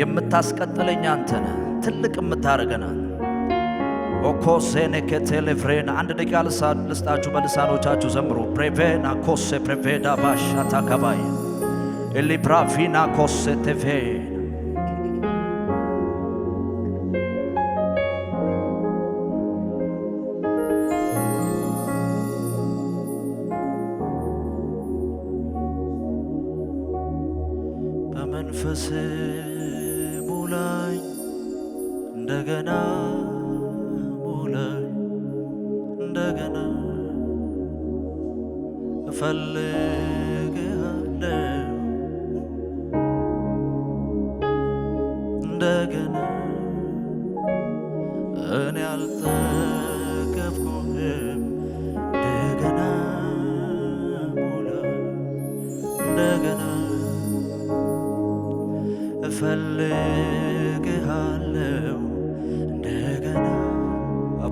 የምታስቀጥለኝ አንተ ነህ። ትልቅ የምታደርገናል ኦኮሴኔ ኬቴሌ ፍሬን አንድ ደቂቃ ልስጣችሁ፣ በልሳኖቻችሁ ዘምሩ። ፕሬቬና ኮሴ ፕሬቬዳ ባሻታ ከባይ ኤሊብራቪና ኮሴ ቴፌ እንደገና ሙላኝ እንደገና እፈልግ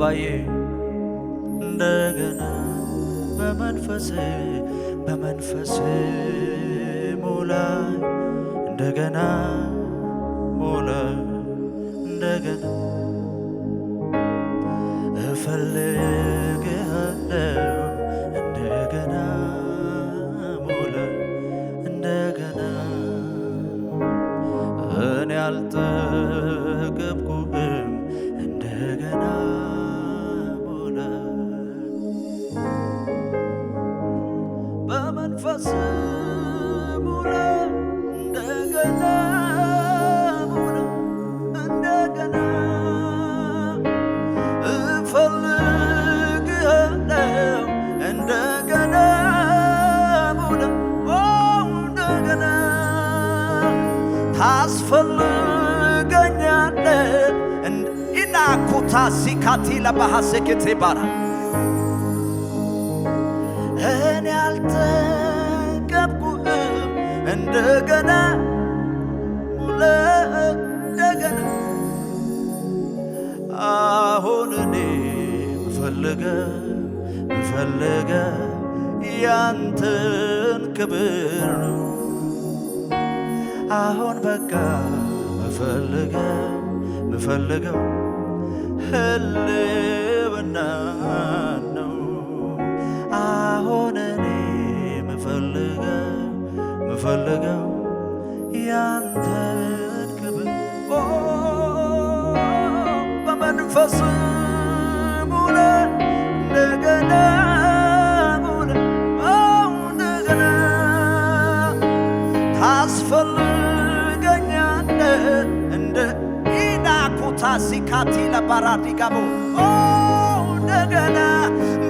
ባዬ እንደገና በመንፈስ በመንፈስ ሙላ እንደገና ሙላ እንደገና እፈልግሃለሁ እንደገና ሙላ እንደገና እኔ አልጥ መንፈስ ሙላ እንደገና ሙላ እንደገና እፈልግሃለሁ እንደገና ሙላ እንደገና ታስፈልገኛለህ ኢናኩታ ሲካቲ ይባላል ፈለገ ያንተን ክብር ነው። አሁን በቃ መፈለገ ምፈልገው ህልብና ነው። አሁን እኔ መፈለገ ምፈልገው ቲ ለባራዲጋቦ እንደገና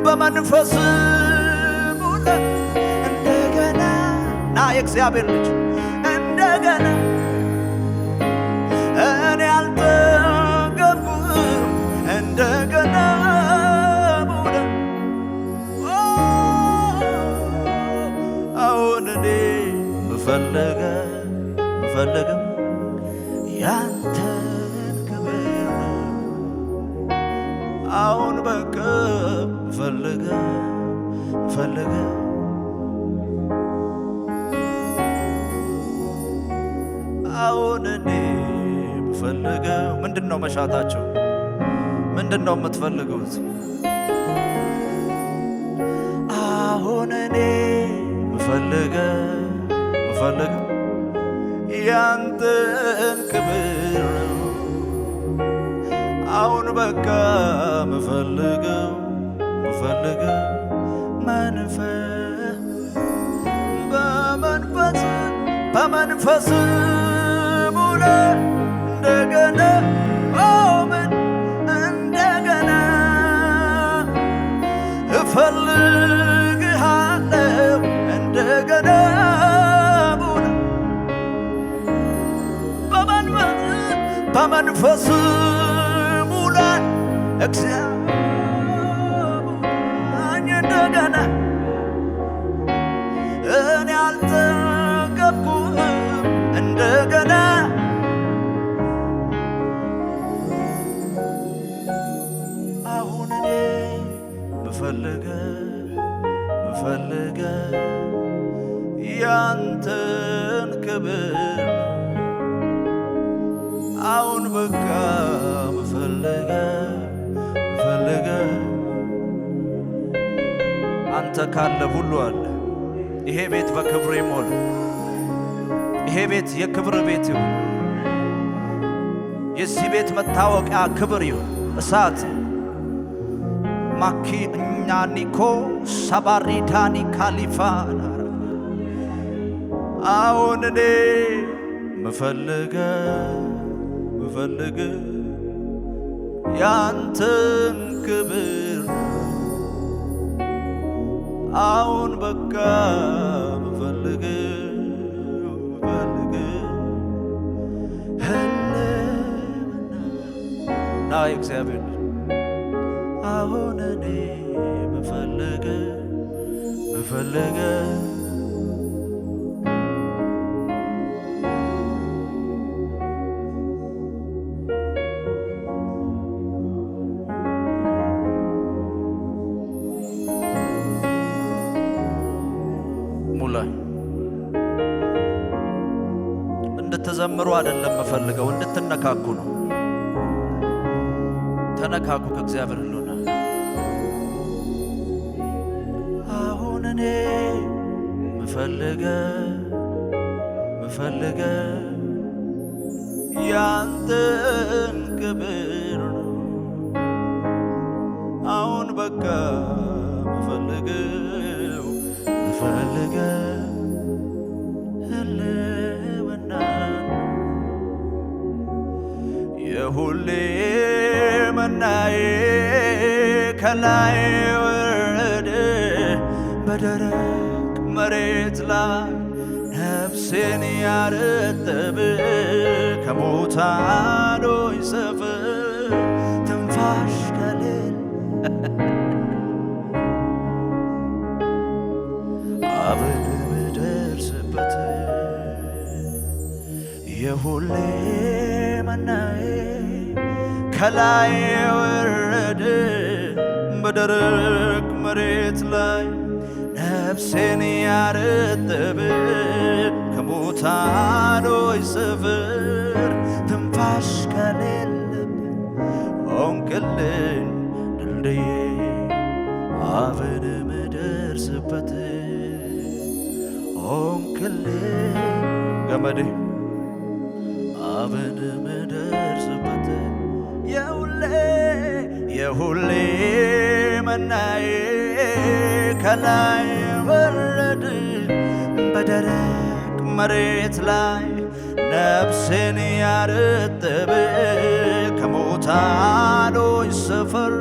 በመንፈስ ሙላ እንደገና ና የእግዚአብሔር ልጅ የምፈልገው ምንድን ነው? መሻታችሁ ምንድን ነው የምትፈልጉት? አሁን እኔ ምፈልገው ምፈልገው ያንተን ክብር አሁን በቃ ምፈልገው ምፈልገው መንፈስ በመንፈስ በመንፈስ ሙላ እንደገና ኦመን እንደገና እፈልግሃለው እንደገና ቡና በመንፈስ ፈለገ ፈለገ ያንተን ክብር አሁን በቃ ፈለገ ፈለገ አንተ ካለ ሁሉ አለ። ይሄ ቤት በክብር ይሞል። ይሄ ቤት የክብር ቤት ይሁን። የዚህ ቤት መታወቂያ ክብር ይሁን። እሳት ማኪ እኛ ኒኮ ሰባሪዳኒ ካሊፋና አሁን እኔ ምፈልገ ምፈልግ ያንተን ክብር አሁን በቃ ምፈልግ ምፈልግ ህልምና ናይ እግዚአብሔር አሁን እኔ መፈለገ እንድትዘምሩ አይደለም የምፈልገው፣ እንድትነካኩ ነው። ተነካኩ ከእግዚአብሔር እኔ ምፈልገ ምፈልገ ያንተን ክብር አሁን በቃ ምፈልገው ምፈልገ ህልውና የሁሌ መናዬ ከላይ መሬት ላይ ነፍሴን ያረጠብ ከሞታዶ ይሰፍ ትንፋሽ ከሌለ አብን ብደርስበት የሁሌ መናዬ ከላይ የወረደ በደረቅ መሬት ላይ ነፍሴን ያረጠበ ከሙታኖች ስፍር ትንፋሽ ከሌለብ ሆንክልኝ ድልድዬ አብን ምደርስበት ሆንክልኝ ገመዴ አብን ምደርስበት የሁሌ የሁሌ መናዬ ከላይ ወረድ በደረቅ መሬት ላይ ነፍሴን ያርጥብ ከሙታኖች ሰፈር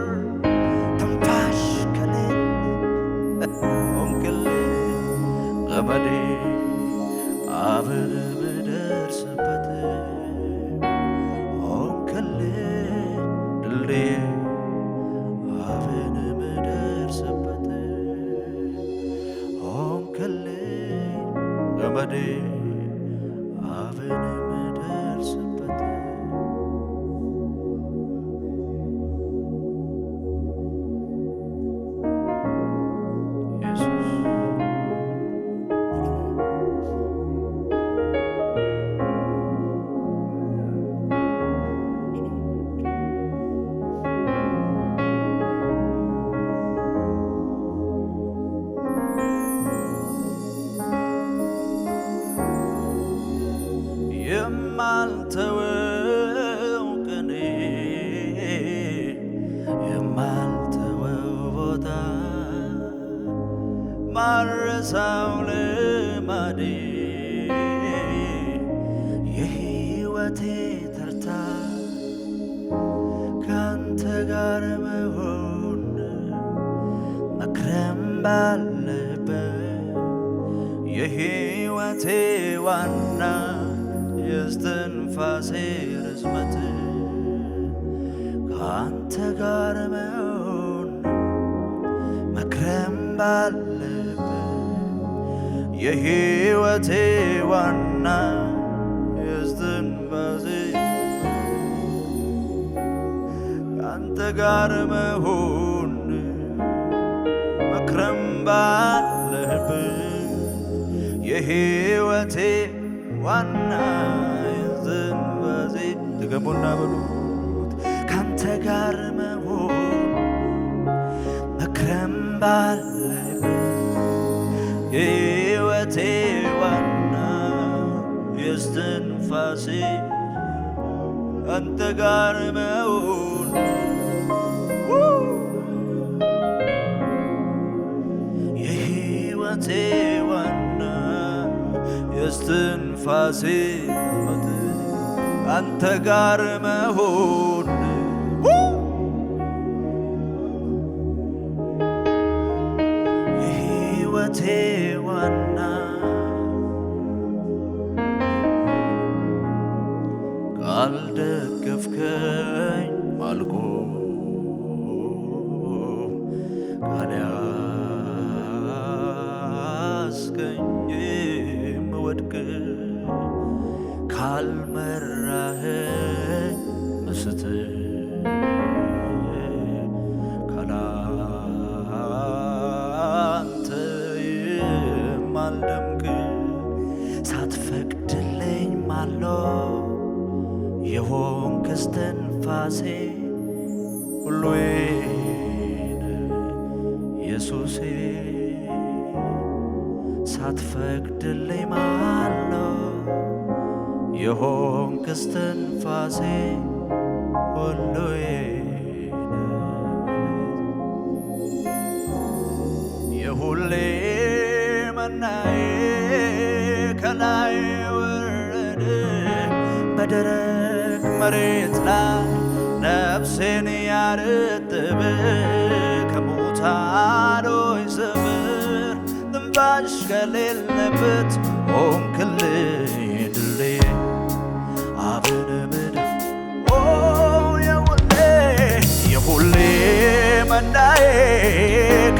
ፈቃዴ የሕይወቴ ተርታ ካንተ ጋር መሆን መክረም ባለበት የሕይወቴ ዋና የእስትንፋሴ ርዝመት ካንተ ጋር መሆን መክረም ባለ የሕይወቴ ዋና የዝንባዜ ካንተ ጋር መሆን መክረም ባለህብን የሕይወቴ ዋና የዝንባዜ ተገቦና በሉት ካንተ ጋር መሆን መክረም ባለህብን የህይወቴ ዋና የስትንፋሴ አንተ ጋር መሆን የህይወቴ ዋና የስትንፋሴ አንተ ጋር መሆን ፈቅድልኝ ማለው የሆንክ እስትንፋሴ ሁሉዬ የሁሌ መናዬ ከላይ ወረደ በደረቅ መሬት ላይ ነፍሴን ያርጥብ ከሙታኖ ልባሽ ከሌለበት ሆንክልኝ ድሌ አብን ምን የሁሌ የሁሌ መናዬ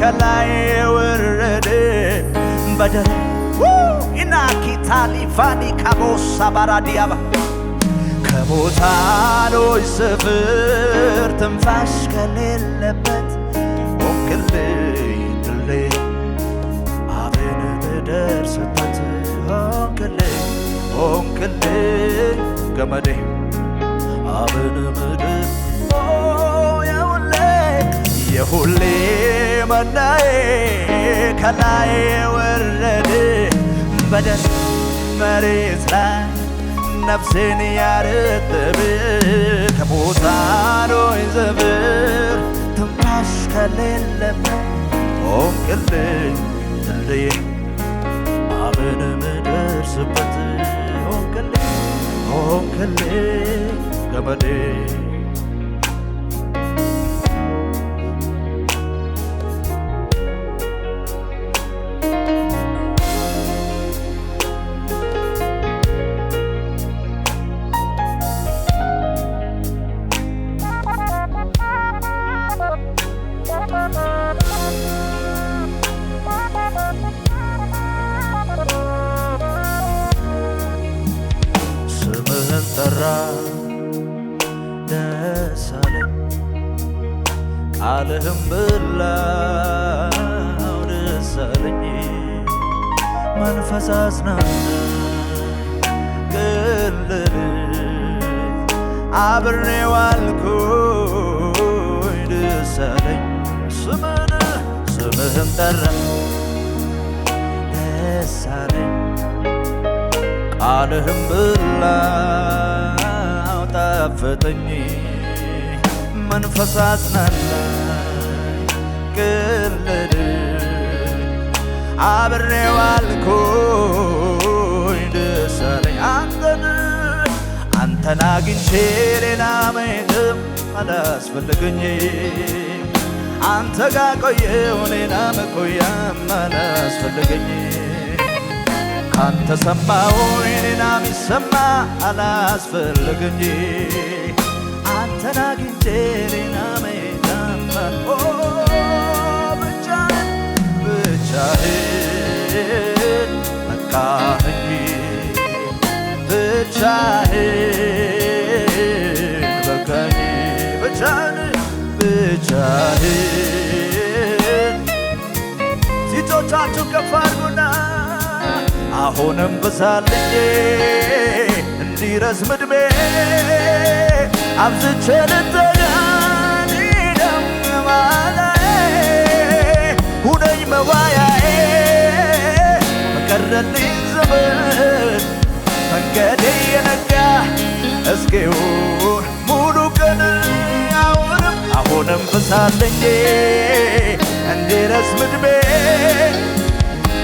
ከላይ ወረደ የወረደ በደል ኢናኪታሊፋኒ ካቦሳ ባራዲያባ ከቦታ ከቦታሎች ስፍር ትንፋሽ ከሌለ ገመዴ አብን ምድ የሁሌ የሁሌ መናዬ ከላይ ወረድ በደስ መሬት ላይ ነፍሴን ያርጥብ ከቦታዶ ዘብር ትንፋሽ ከሌለበ ሆንቅልኝ ድልድዬ አብን ምደርስበት ገልገበዴ ተጠራ ደስ አለኝ ቃልህም ብላው ደስ አለኝ መንፈስ አዝናና ቅልል አብሬ ዋልኩኝ ደስ አለኝ ስምን ስምህም ጠራ ደስ አለኝ ቃልህም ብላ አፈጠኝ መንፈስ አጽናና ቅርልድ አብሬ አልኩኝ ደስ አለኝ አንተን አንተን አግኝቼ ሌላ ምግብ አላስፈልገኝ አንተ ጋር ቆየው ሌላ መቆያም አላስፈልገኝ አንተ ሰማው የኔና ሚሰማ አላስፈልግ እንጂ አንተን አግኝቼ ሌላ አሁንም ብሳልዬ እንዲረዝም ዕድሜ አብዝቼ ልጠጋ ማላይ ሁነኝ መዋያዬ በቀረልኝ ዘመን መንገዴ የነጋ እስኪው ሙሉ ቀን አሁንም አሁንም ብሳልዬ እንዲረዝም ዕድሜ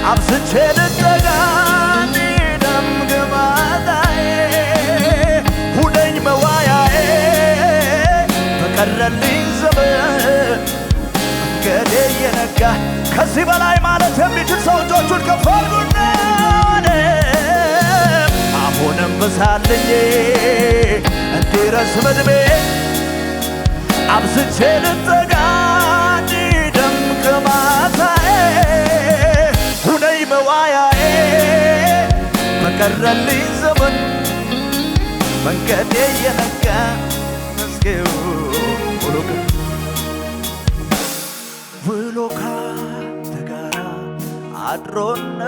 አብዝቼ ልጠጋ እንዲደም ግማታዬ ሁነኝ መዋያዬ በቀረልኝ ዘመን መንገዴ እየነጋ ከዚህ በላይ ማለት የሚችል ሰው እጆቹን ከፍ አድርጉና አሁንም ብሳልኝ እንዲረዝም ዕድሜ አብዝቼ ልጠጋ ቀረልኝ ዘመን መንገዴ የነጋ መዝጌው ውሎካ ውሎካ ተጋራ አድሮነ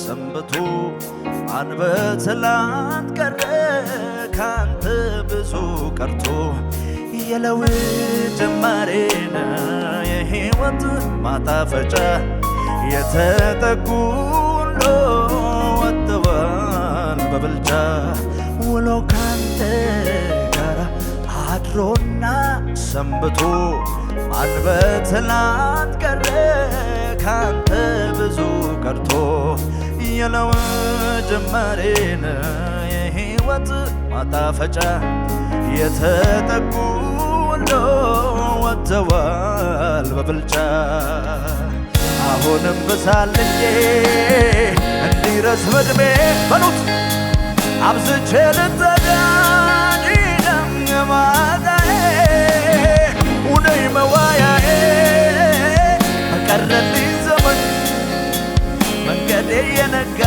ሰንብቶ አንበትላንት ቀረ ካንተ ብዙ ቀርቶ የለውጥ ጀማሬና የህይወት ማጣፈጫ የተጠጉሎ በብልጫ ውሎ ካንተ ጋራ አድሮና ሰንብቶ ማን በትናንት ቀረ ካንተ ብዙ ቀርቶ የለው ጀመሬን የህይወት ማጣፈጫ የተጠጉ ሁሉ ወጥተዋል በብልጫ አሁንም ብሳልዬ እንዲረስ በድሜ በሉት አብዝቼ ልትረዳኝ ደምማጣዬ ውደይ መዋያዬ በቀረልኝ ዘመን መንገዴ የነጋ